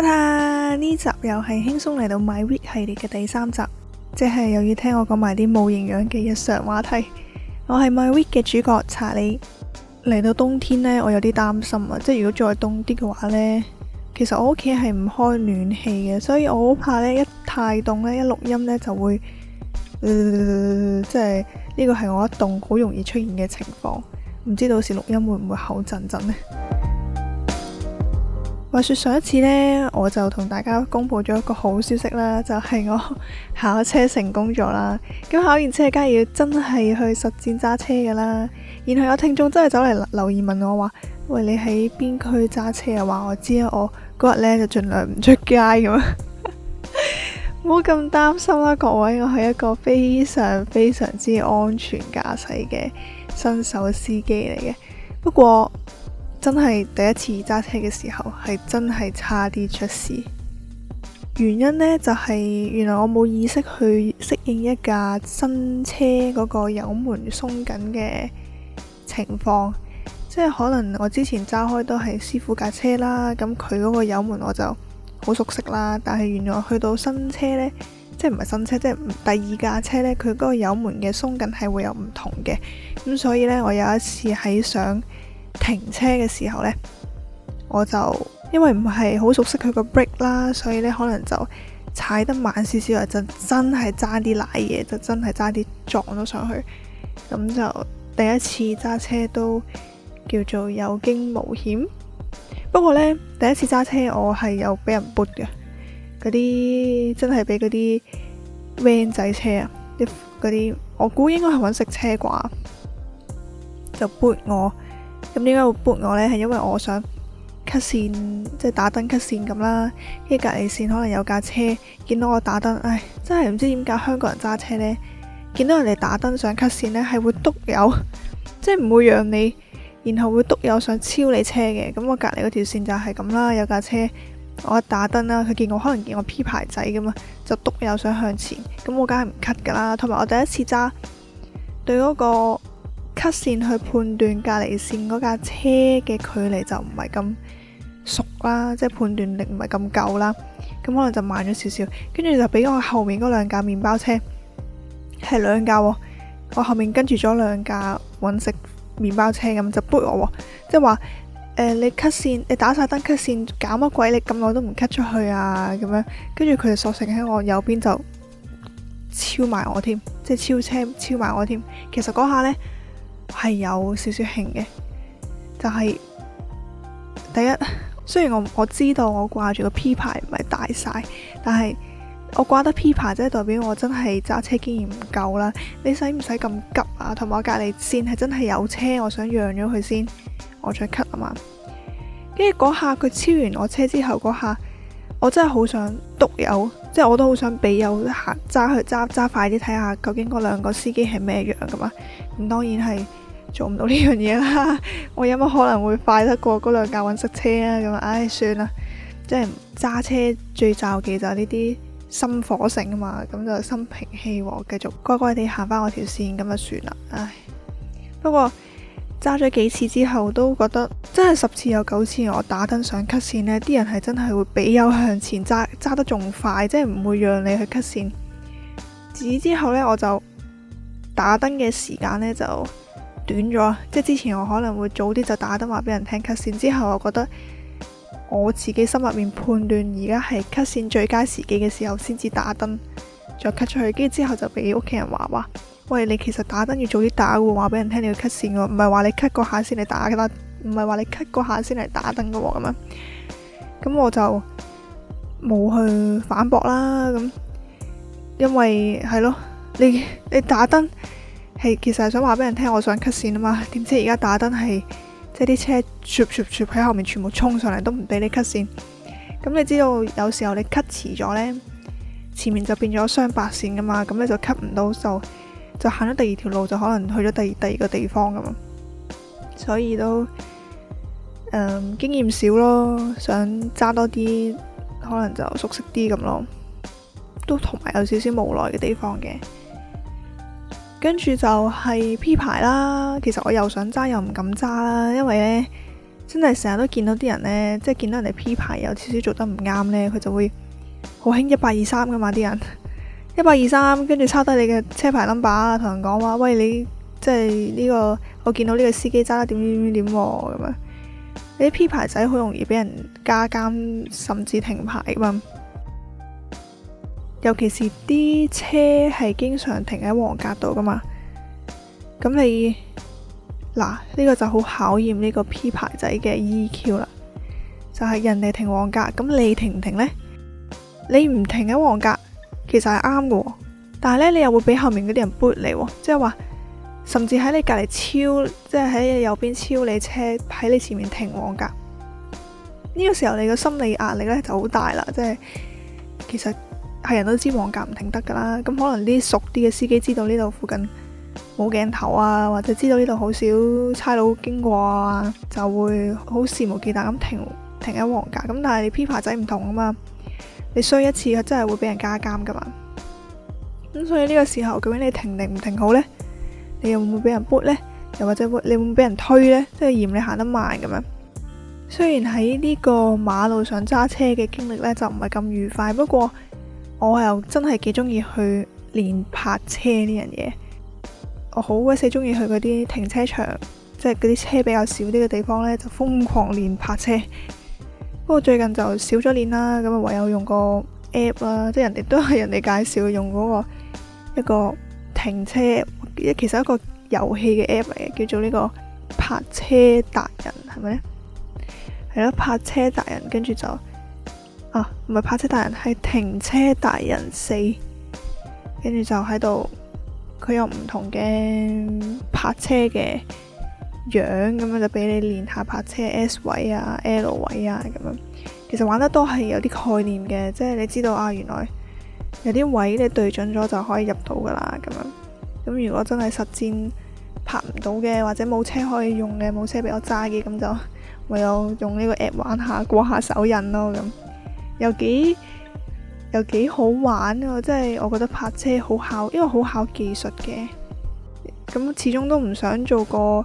呢集又係輕鬆嚟到 My Week 系列嘅第三集，即係又要聽我講埋啲冇營養嘅日常話題。我係 My Week 嘅主角查理。嚟到冬天呢，我有啲擔心啊，即係如果再凍啲嘅話呢，其實我屋企係唔開暖氣嘅，所以我好怕呢一太凍呢一錄音呢就會，呃、即係呢、呢個係我一凍好容易出現嘅情況，唔知到時錄音會唔會口震震呢？話說上一次呢，我就同大家公布咗一個好消息啦，就係我考車成功咗啦。咁考完車梗係要真係去實戰揸車噶啦。然後有聽眾真係走嚟留言問我話：喂，你喺邊區揸車啊？話我知啊，我嗰日呢就盡量唔出街咁啊。唔好咁擔心啦，各位，我係一個非常非常之安全駕駛嘅新手司機嚟嘅。不過，真係第一次揸車嘅時候，係真係差啲出事。原因呢，就係原來我冇意識去適應一架新車嗰個油門鬆緊嘅情況，即係可能我之前揸開都係師傅架車啦，咁佢嗰個油門我就好熟悉啦。但係原來去到新車呢，即係唔係新車，即係第二架車呢，佢嗰個油門嘅鬆緊係會有唔同嘅。咁所以呢，我有一次喺上停車嘅時候呢，我就因為唔係好熟悉佢個 brake 啦，所以呢，可能就踩得慢少少，就真係揸啲奶嘢，就真係揸啲撞咗上去。咁就第一次揸車都叫做有驚無險。不過呢，第一次揸車我係有俾人 push 嘅，嗰啲真係俾嗰啲 van 仔車啊，啲嗰啲我估應該係揾食車啩，就 push 我。咁點解會撥我呢？係因為我想 cut 線，即係打燈 cut 線咁啦。跟住隔離線可能有架車，見到我打燈，唉，真係唔知點解香港人揸車呢。見到人哋打燈想 cut 線呢，係會篤油，即係唔會讓你，然後會篤油想超你車嘅。咁我隔離嗰條線就係咁啦，有架車我一打燈啦，佢見我可能見我 P 牌仔咁啊，就篤油想向前。咁我梗係唔 cut 噶啦，同埋我第一次揸對嗰個。cut 線去判斷隔籬線嗰架車嘅距離就唔係咁熟啦，即係判斷力唔係咁夠啦。咁可能就慢咗少少，跟住就俾我後面嗰兩架麵包車係兩架，我後面跟住咗兩架搵食麵包車咁就撥我，即係話誒，你 cut 線你打晒燈 cut 線，搞乜鬼你咁耐都唔 cut 出去啊？咁樣跟住佢就索性喺我右邊就超埋我添，即係超車超埋我添。其實嗰下呢。係有少少興嘅，就係第一。雖然我我知道我掛住個 P 牌唔係大晒，但係我掛得 P 牌，即係代表我真係揸車經驗唔夠啦。你使唔使咁急啊？同埋我隔籬線係真係有車，我想讓咗佢先，我再 cut 啊嘛。跟住嗰下佢超完我車之後，嗰下我真係好想督油。即係我都好想俾友行揸去揸揸快啲睇下究竟嗰兩個司機係咩樣㗎嘛。咁當然係做唔到呢樣嘢啦。我有乜可能會快得過嗰兩架穩塞車啊？咁唉，算啦，即係揸車最罩忌就係呢啲心火盛啊嘛。咁就心平氣和，繼續乖乖地行翻我條線咁就算啦。唉，不過。揸咗幾次之後，都覺得真係十次有九次我打燈上 cut 線呢啲人係真係會比有向前揸揸得仲快，即係唔會讓你去 cut 線。自之後呢，我就打燈嘅時間呢就短咗，即係之前我可能會早啲就打燈話俾人聽 cut 線。之後我覺得我自己心入面判斷而家係 cut 線最佳時機嘅時候先至打燈，再 cut 出去。跟住之後就俾屋企人話話。喂，你其實打燈要早啲打喎，話俾人聽你要 cut 線喎，唔係話你 cut 個下先嚟打，打，打燈，唔係話你 cut 個下先嚟打燈嘅喎，咁樣咁我就冇去反駁啦。咁因為係咯，你你打燈係其實係想話俾人聽，我想 cut 線啊嘛。點知而家打燈係即係啲車 shap shap shap 喺後面全部衝上嚟，都唔俾你 cut 線。咁你知道有時候你 cut 遲咗呢，前面就變咗雙白線噶嘛，咁你就 cut 唔到就。就行咗第二條路，就可能去咗第二第二個地方咁，所以都誒、嗯、經驗少咯，想揸多啲，可能就熟悉啲咁咯，都同埋有少少無奈嘅地方嘅。跟住就係 P 牌啦，其實我又想揸又唔敢揸啦，因為呢，真係成日都見到啲人呢，即係見到人哋 P 牌有少少做得唔啱呢，佢就會好興一八二三噶嘛啲人。一八二三，跟住抄低你嘅車牌 number，同人講話，喂，你即係呢個，我見到呢個司機揸得點點點點咁啊！你啲 P 牌仔好容易俾人加監，甚至停牌啊！尤其是啲車係經常停喺黃格度噶嘛，咁你嗱，呢個就好考驗呢個 P 牌仔嘅 EQ 啦，就係人哋停黃格，咁你停唔停呢？你唔停喺黃格。其實係啱嘅，但係咧你又會俾後面嗰啲人撥你，即係話甚至喺你隔籬超，即係喺你右邊超你車，喺你前面停黃格。呢、這個時候你個心理壓力咧就好大啦，即係其實係人都知黃格唔停得噶啦。咁可能啲熟啲嘅司機知道呢度附近冇鏡頭啊，或者知道呢度好少差佬經過啊，就會好肆無忌憚咁停停喺黃格。咁但係你 P 牌仔唔同啊嘛。你衰一次，佢真係會俾人加監噶嘛？咁、嗯、所以呢個時候，究竟你停定唔停好呢？你又會唔會俾人 push 呢？又或者會你會唔會俾人推呢？即係嫌你行得慢咁樣。雖然喺呢個馬路上揸車嘅經歷呢，就唔係咁愉快，不過我又真係幾中意去練泊車呢樣嘢。我好鬼死中意去嗰啲停車場，即係嗰啲車比較少啲嘅地方呢，就瘋狂練泊車。不過最近就少咗練啦，咁啊唯有用個 app 啦，即係人哋都係人哋介紹用嗰個一個停車，其實一個遊戲嘅 app 嚟嘅，叫做呢個泊車達人，係咪咧？係咯，泊車達人，跟住就，啊，唔係泊車達人，係停車達人四，跟住就喺度，佢有唔同嘅泊車嘅。樣咁樣就俾你練下泊車 S 位啊、L 位啊咁樣。其實玩得多係有啲概念嘅，即係你知道啊，原來有啲位你對準咗就可以入到噶啦咁樣。咁如果真係實戰拍唔到嘅，或者冇車可以用嘅，冇車俾我揸嘅，咁就唯有用呢個 app 玩下過下手癮咯咁。又幾又幾好玩啊！即係我覺得泊車好考，因為好考技術嘅。咁始終都唔想做過。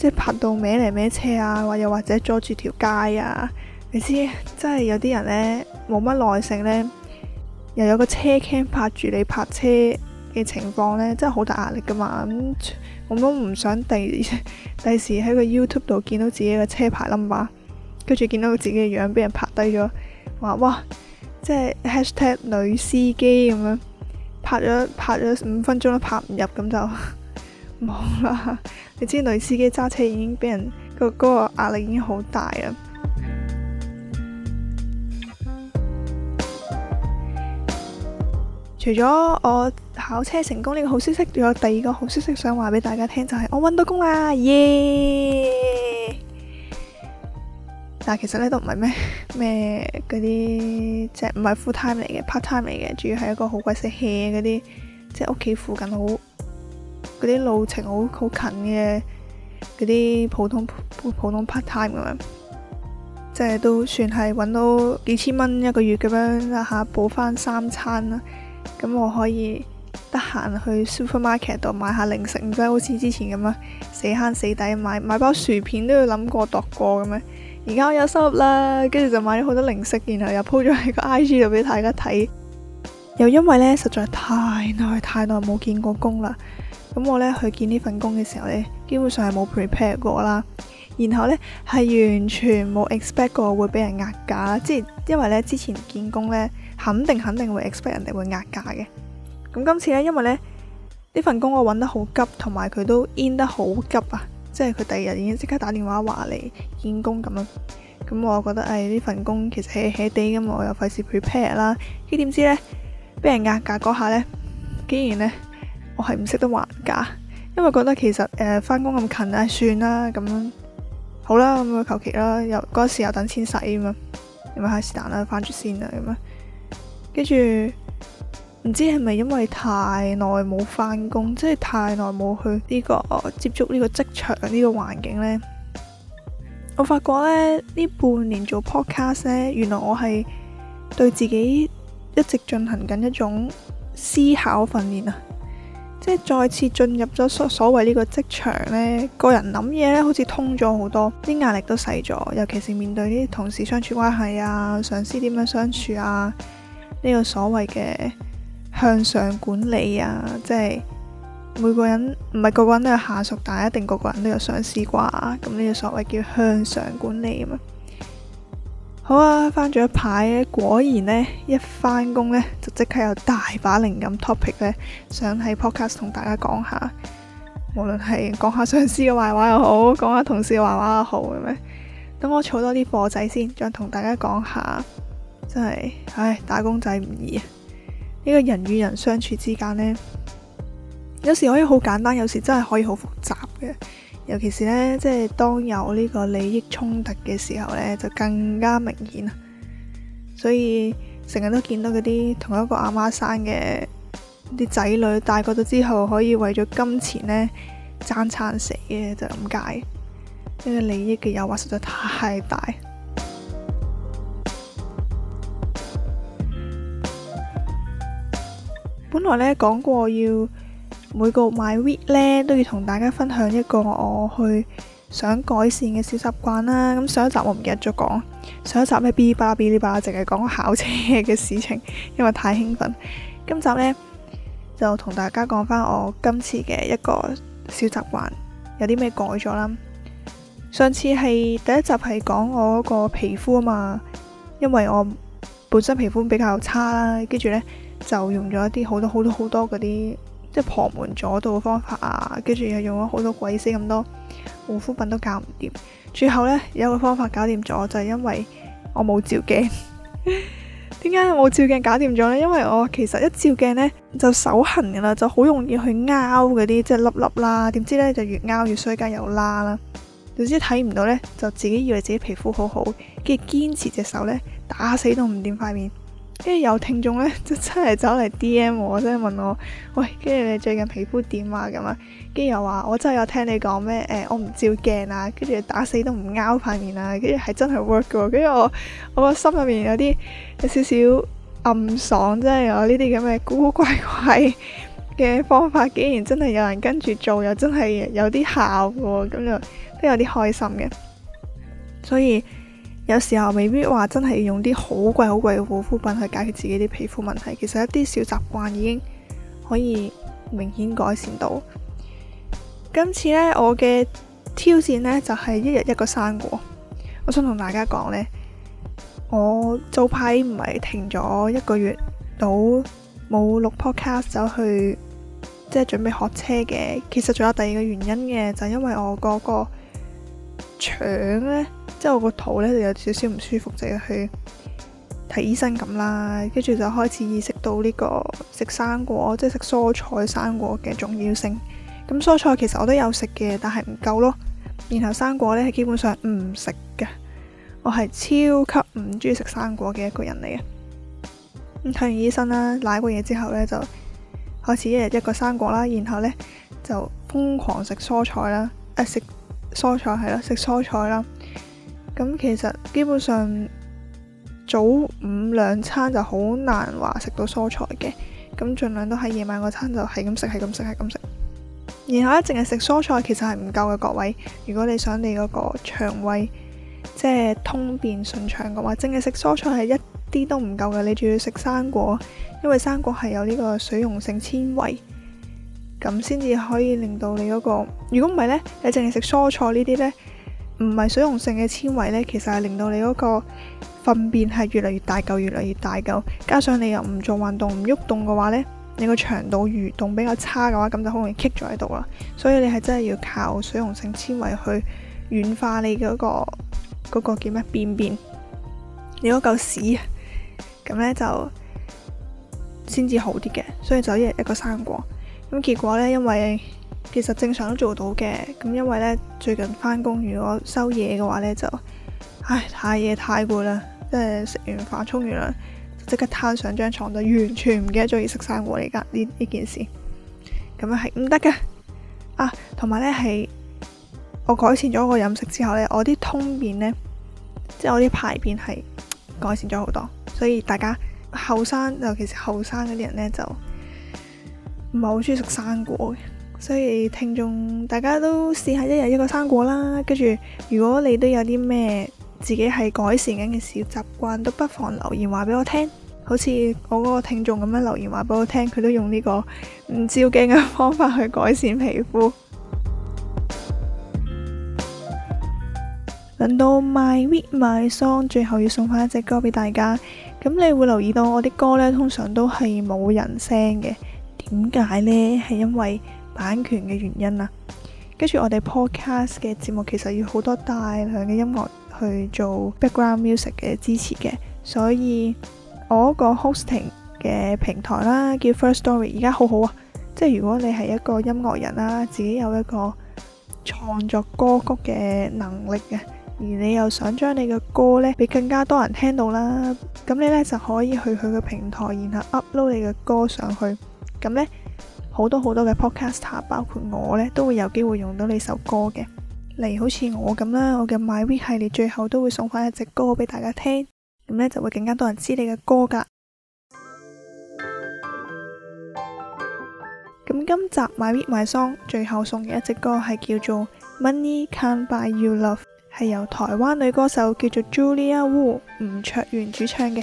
即係拍到咩嚟咩車啊，或又或者阻住條街啊，你知，真係有啲人呢，冇乜耐性呢，又有個車 cam 拍住你拍車嘅情況呢，真係好大壓力噶嘛。咁、嗯、我都唔想第第時喺個 YouTube 度見到自己嘅車牌 number，跟住見到佢自己嘅樣俾人拍低咗，話哇，即係 hashtag 女司機咁樣拍咗拍咗五分鐘都拍唔入，咁就。 冇啦， 你知女司機揸車已經俾人個個壓力已經好大啊！ 除咗我考車成功呢個好消息，仲有第二個好消息想話俾大家聽，就係、是、我揾到工啦，耶、yeah! 但其實呢都唔係咩咩嗰啲即係唔係 full time 嚟嘅 part time 嚟嘅，主要係一個好鬼死 hea 嗰啲即係屋企附近好。嗰啲路程好好近嘅，嗰啲普通普，普通 part time 咁樣，即係都算係揾到幾千蚊一個月咁樣，一下補翻三餐啦。咁我可以得閒去 supermarket 度買下零食，唔使好似之前咁樣死慳死抵買買包薯片，都要諗過度過咁樣。而家我有收入啦，跟住就買咗好多零食，然後又鋪咗喺個 IG 度俾大家睇。又因為呢，實在太耐太耐冇見過工啦。咁我咧去見呢份工嘅時候咧，基本上係冇 prepare 過啦，然後咧係完全冇 expect 過會俾人壓價。即係因為咧之前見工咧，肯定肯定會 expect 人哋會壓價嘅。咁今次咧，因為咧呢份工我揾得好急，同埋佢都 in 得好急啊，即係佢第二日已經即刻打電話話嚟見工咁啦。咁我覺得誒呢、啊、份工其實係 holiday 㗎嘛，我又費事 prepare 啦。咁點知咧俾人壓價嗰下咧，竟然咧～我係唔識得還價，因為覺得其實誒，翻工咁近啊，算啦咁樣好啦，咁啊求其啦。又嗰時又等錢使咁啊，咁啊咪是但啦，翻住先啊咁啊。跟住唔知係咪因為太耐冇翻工，即係太耐冇去呢、呢個、哦、接觸呢個職場呢、呢個環境呢？我發覺呢呢半年做 podcast 呢，原來我係對自己一直進行緊一種思考訓練啊。即係再次進入咗所所謂呢個職場呢，個人諗嘢咧好似通咗好多，啲壓力都細咗。尤其是面對啲同事相處關係啊、上司點樣相處啊，呢個所謂嘅向上管理啊，即係每個人唔係個個人都有下屬，但係一定個個人都有上司啩。咁呢個所謂叫向上管理啊嘛。好啊，翻咗一排，果然呢，一翻工呢，就即刻有大把靈感 topic 呢，想喺 podcast 同大家講下。無論係講下上司嘅壞話又好，講下同事嘅壞話又好嘅咩？等我儲多啲貨仔先，再同大家講下。真係，唉，打工仔唔易啊！呢、這個人與人相處之間呢，有時可以好簡單，有時真係可以好複雜嘅。尤其是咧，即係當有呢個利益衝突嘅時候咧，就更加明顯啦。所以成日都見到嗰啲同一個阿媽生嘅啲仔女，大個咗之後可以為咗金錢咧爭餐死嘅就咁、是、解，因為利益嘅誘惑實在太大。 本來咧講過要。每個 my week 咧，都要同大家分享一個我去想改善嘅小習慣啦。咁上一集我唔記得咗講，上一集咧嗶哩吧啦嗶哩吧啦淨係講考車嘅事情，因為太興奮。今集呢，就同大家講翻我今次嘅一個小習慣有啲咩改咗啦。上次係第一集係講我嗰個皮膚啊嘛，因為我本身皮膚比較差啦，跟住呢，就用咗一啲好多好多好多嗰啲。即係旁門左道嘅方法啊，跟住又用咗好多鬼死咁多護膚品都搞唔掂，最後呢，有一個方法搞掂咗，就係、是、因為我冇照鏡。點解我冇照鏡搞掂咗呢？因為我其實一照鏡呢，就手痕噶啦，就好容易去拗嗰啲即係粒粒啦，點知呢，就越拗越衰加又拉啦，總之睇唔到呢，就自己以為自己皮膚好好，跟住堅持隻手呢，打死都唔掂塊面。跟住有聽眾咧，就真係走嚟 D.M 我，即係問我，喂，跟住你最近皮膚點啊咁啊？跟住又話，我真係有聽你講咩？誒、呃，我唔照鏡啊，跟住打死都唔勾塊面啊，跟住係真係 work 嘅。跟住我，我個心入面有啲有少少暗爽，即係我呢啲咁嘅古古怪怪嘅方法，竟然真係有人跟住做，又真係有啲效嘅，咁就都有啲開心嘅。所以。有時候未必話真係要用啲好貴好貴嘅護膚品去解決自己啲皮膚問題，其實一啲小習慣已經可以明顯改善到。今次呢，我嘅挑戰呢就係、是、一日一個生果。我想同大家講呢，我早排唔係停咗一個月到冇錄 Podcast 走去，即係準備學車嘅。其實仲有第二個原因嘅，就係、因為我嗰個,個。腸呢，即係我個肚呢就有少少唔舒服，就要去睇醫生咁啦。跟住就開始意識到呢個食生果，即係食蔬菜生果嘅重要性。咁蔬菜其實我都有食嘅，但係唔夠咯。然後生果呢，係基本上唔食嘅，我係超級唔中意食生果嘅一個人嚟嘅。咁睇完醫生啦，舐過嘢之後呢，就開始一日一個生果啦，然後呢，就瘋狂食蔬菜啦，啊、哎、食。蔬菜係咯，食蔬菜啦。咁其實基本上早午兩餐就好難話食到蔬菜嘅，咁盡量都喺夜晚嗰餐就係咁食，係咁食，係咁食。然後咧，淨係食蔬菜其實係唔夠嘅，各位。如果你想你嗰個腸胃即係通便順暢嘅話，淨係食蔬菜係一啲都唔夠嘅，你仲要食生果，因為生果係有呢個水溶性纖維。咁先至可以令到你嗰個，如果唔係呢，你淨係食蔬菜呢啲呢，唔係水溶性嘅纖維呢，其實係令到你嗰個糞便係越嚟越大嚿，越嚟越大嚿，加上你又唔做運動唔喐動嘅話呢，你個腸道蠕動比較差嘅話，咁就好容易棘咗喺度啦。所以你係真係要靠水溶性纖維去軟化你嗰個嗰個叫咩便便，你嗰嚿屎，咁呢就先至好啲嘅。所以就一日一個生果。咁結果咧，因為其實正常都做到嘅，咁因為咧最近返工，如果收嘢嘅話咧，就唉太夜太攰啦，即係食完飯沖完涼，即刻攤上張床，就完全唔記得鍾意食生果嚟噶呢呢件事。咁啊係唔得嘅，啊同埋咧係我改善咗個飲食之後咧，我啲通便咧，即係我啲排便係改善咗好多，所以大家後生尤其是後生嗰啲人咧就。唔係好中意食生果嘅，所以聽眾大家都試下一日一個生果啦。跟住，如果你都有啲咩自己係改善緊嘅小習慣，習慣都不妨留言話俾我聽。好似我嗰個聽眾咁樣留言話俾我聽，佢都用呢個唔照鏡嘅方法去改善皮膚。輪 到 My Week My Song，最後要送翻一隻歌俾大家。咁你會留意到我啲歌呢，通常都係冇人聲嘅。點解呢？係因為版權嘅原因啊。跟住我哋 podcast 嘅節目，其實要好多大量嘅音樂去做 background music 嘅支持嘅，所以我個 hosting 嘅平台啦，叫 Firstory，而家好好啊。即係如果你係一個音樂人啦，自己有一個創作歌曲嘅能力嘅，而你又想將你嘅歌呢俾更加多人聽到啦，咁你呢就可以去佢嘅平台，然後 upload 你嘅歌上去。咁呢，好多好多嘅 podcaster，包括我呢，都會有機會用到你首歌嘅。例如好似我咁啦，我嘅 My Week 系列最後都會送翻一隻歌俾大家聽。咁呢就會更加多人知你嘅歌噶。咁 今集 My Week My Song 最後送嘅一隻歌係叫做 Money Can't Buy You Love，係由台灣女歌手叫做 Julia Wu 吳卓源主唱嘅。